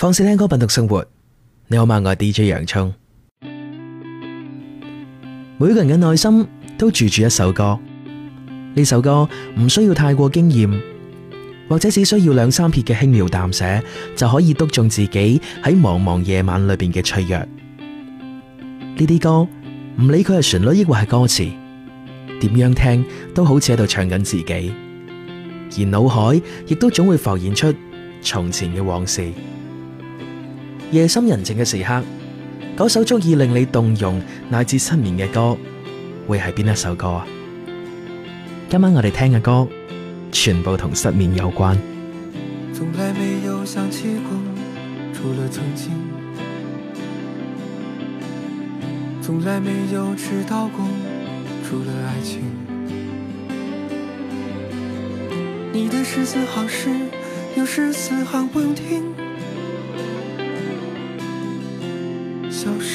放肆聽歌，品讀生活，你好嗎？我係 DJ 洋葱。每個人嘅內心都住住一首歌，呢首歌唔需要太過驚艷，或者只需要兩三撇嘅輕描淡寫，就可以篤中自己喺茫茫夜晚裏邊嘅脆弱。呢啲歌唔理佢係旋律抑或係歌詞，點樣聽都好似喺度唱緊自己，而腦海亦都總會浮現出從前嘅往事。夜深人靜嘅時刻，嗰首足以令你動容乃至失眠嘅歌會係邊一首歌啊？今晚我哋聽嘅歌全部同失眠有關。從來沒有想起過，除了曾經，從來沒有遲到過，除了愛情。你的十四行詩，有十四行不，不用聽。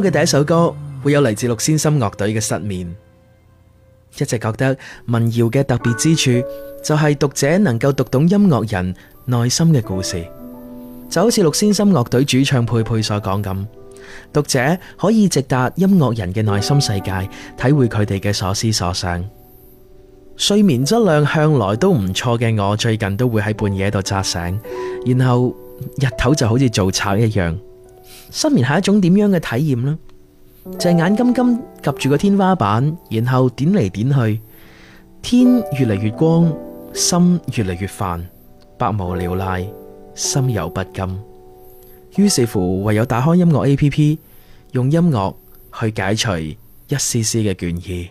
我嘅第一首歌會有嚟自鹿先森樂隊嘅失眠，一直覺得民謠嘅特別之處就係讀者能夠讀懂音樂人內心嘅故事，就好似鹿先森樂隊主唱貝貝所講咁，讀者可以直達音樂人嘅內心世界，體會佢哋嘅所思所想。睡眠質量向來都唔錯嘅我，最近都會喺半夜度扎醒，然後日頭就好似做賊一樣。失眠係一種點樣嘅體驗呢？就係、是、眼金金夾住個天花板，然後點嚟點去，天越嚟越光，心越嚟越煩，百無聊賴，心有不甘。於是乎，唯有打開音樂 A P P，用音樂去解除一絲絲嘅倦意。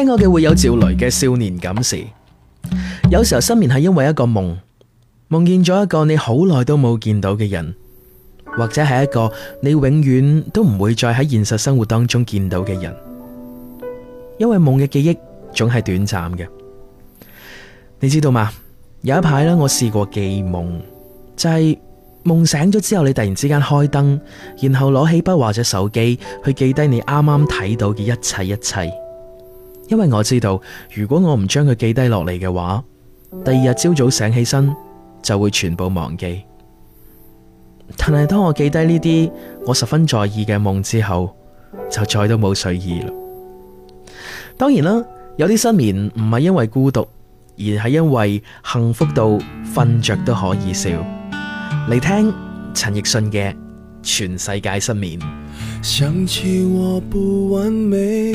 聽我嘅會有趙雷嘅少年感時，有時候失眠係因為一個夢，夢見咗一個你好耐都冇見到嘅人，或者係一個你永遠都唔會再喺現實生活當中見到嘅人，因為夢嘅記憶總係短暫嘅。你知道嗎？有一排咧，我試過記夢，就係夢醒咗之後，你突然之間開燈，然後攞起筆或者手機去記低你啱啱睇到嘅一切一切。因為我知道，如果我唔將佢記低落嚟嘅話，第二日朝早醒起身就會全部忘記。但係當我記低呢啲我十分在意嘅夢之後，就再都冇睡意啦。當然啦，有啲失眠唔係因為孤獨，而係因為幸福到瞓着都可以笑。嚟聽陳奕迅嘅《全世界失眠》。想起我不完美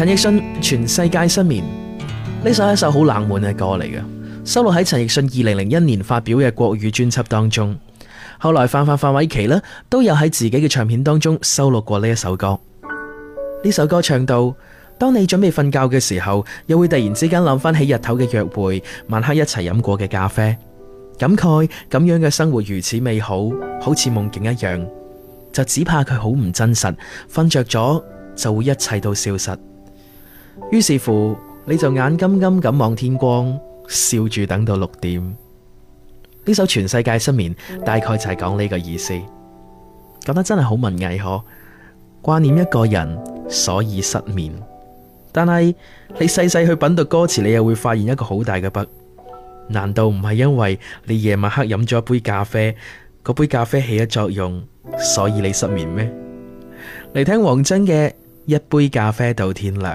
陳奕迅《全世界失眠》呢首係一首好冷門嘅歌嚟嘅，收錄喺陳奕迅二零零一年發表嘅國語專輯當中。後來范范范瑋琪呢都有喺自己嘅唱片當中收錄過呢一首歌。呢首歌唱到，當你準備瞓覺嘅時候，又會突然之間諗翻起日頭嘅約會，晚黑一齊飲過嘅咖啡，感慨咁樣嘅生活如此美好，好似夢境一樣，就只怕佢好唔真實，瞓着咗就會一切都消失。於是乎，你就眼金金咁望天光，笑住等到六點。呢首《全世界失眠》大概就係講呢個意思。講得真係好文藝可掛念一個人，所以失眠。但係你細細去品讀歌詞，你又會發現一個好大嘅不」。難道唔係因為你夜晚黑飲咗一杯咖啡，嗰杯咖啡起咗作用，所以你失眠咩？嚟，聽王箏嘅《一杯咖啡到天亮》。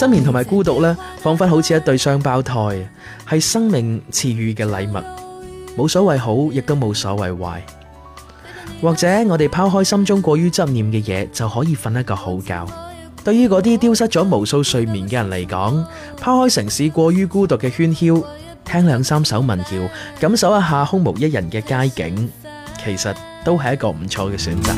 失眠同埋孤獨呢，仿佛好似一對雙胞胎，係生命賜予嘅禮物，冇所謂好，亦都冇所謂壞。或者我哋拋開心中過於執念嘅嘢，就可以瞓一個好覺。對於嗰啲丟失咗無數睡眠嘅人嚟講，拋開城市過於孤獨嘅喧囂，聽兩三首民謠，感受一下空無一人嘅街景，其實都係一個唔錯嘅選擇。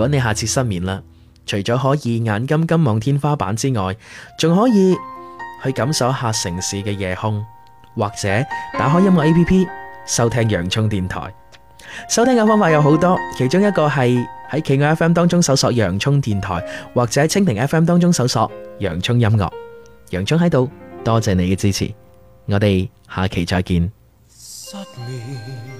如果你下次失眠啦，除咗可以眼金金望天花板之外，仲可以去感受一下城市嘅夜空，或者打開音樂 A P P 收聽洋蔥電台。收聽嘅方法有好多，其中一個係喺企鵝 F M 當中搜索洋蔥電台，或者喺蜻蜓 F M 當中搜索洋蔥音樂。洋蔥喺度，多謝你嘅支持，我哋下期再見。失眠